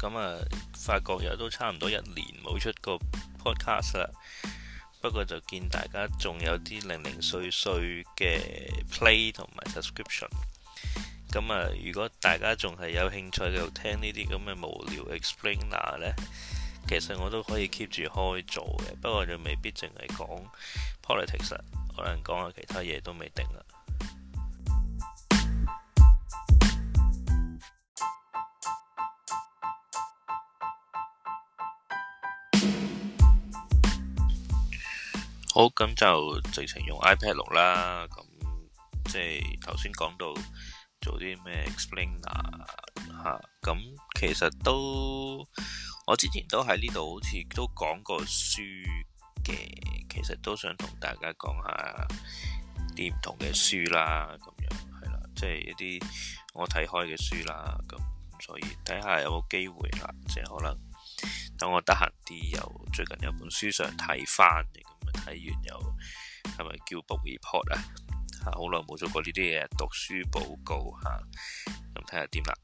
咁啊，發覺有都差唔多一年冇出個 podcast 啦。不過就見大家仲有啲零零碎碎嘅 play 同埋 subscription。咁啊，如果大家仲係有興趣就聽呢啲咁嘅無聊 explainer 呢，其實我都可以 keep 住開做嘅。不過就未必淨係講 politics，可能講下其他嘢都未定啦。好，咁就直情用 iPad 六啦。咁即係頭先講到做啲咩 explainer 吓、啊，咁其實都我之前都喺呢度好似都講過書嘅，其實都想同大家講下啲唔同嘅書啦，咁樣係啦，即係一啲我睇開嘅書啦。咁所以睇下有冇機會啦？即係可能等我得閒啲，又最近有本書想睇翻嚟。睇完又係咪叫 book report 啊？嚇、啊，好耐冇做過呢啲嘢，讀書報告嚇、啊，咁睇下點啦。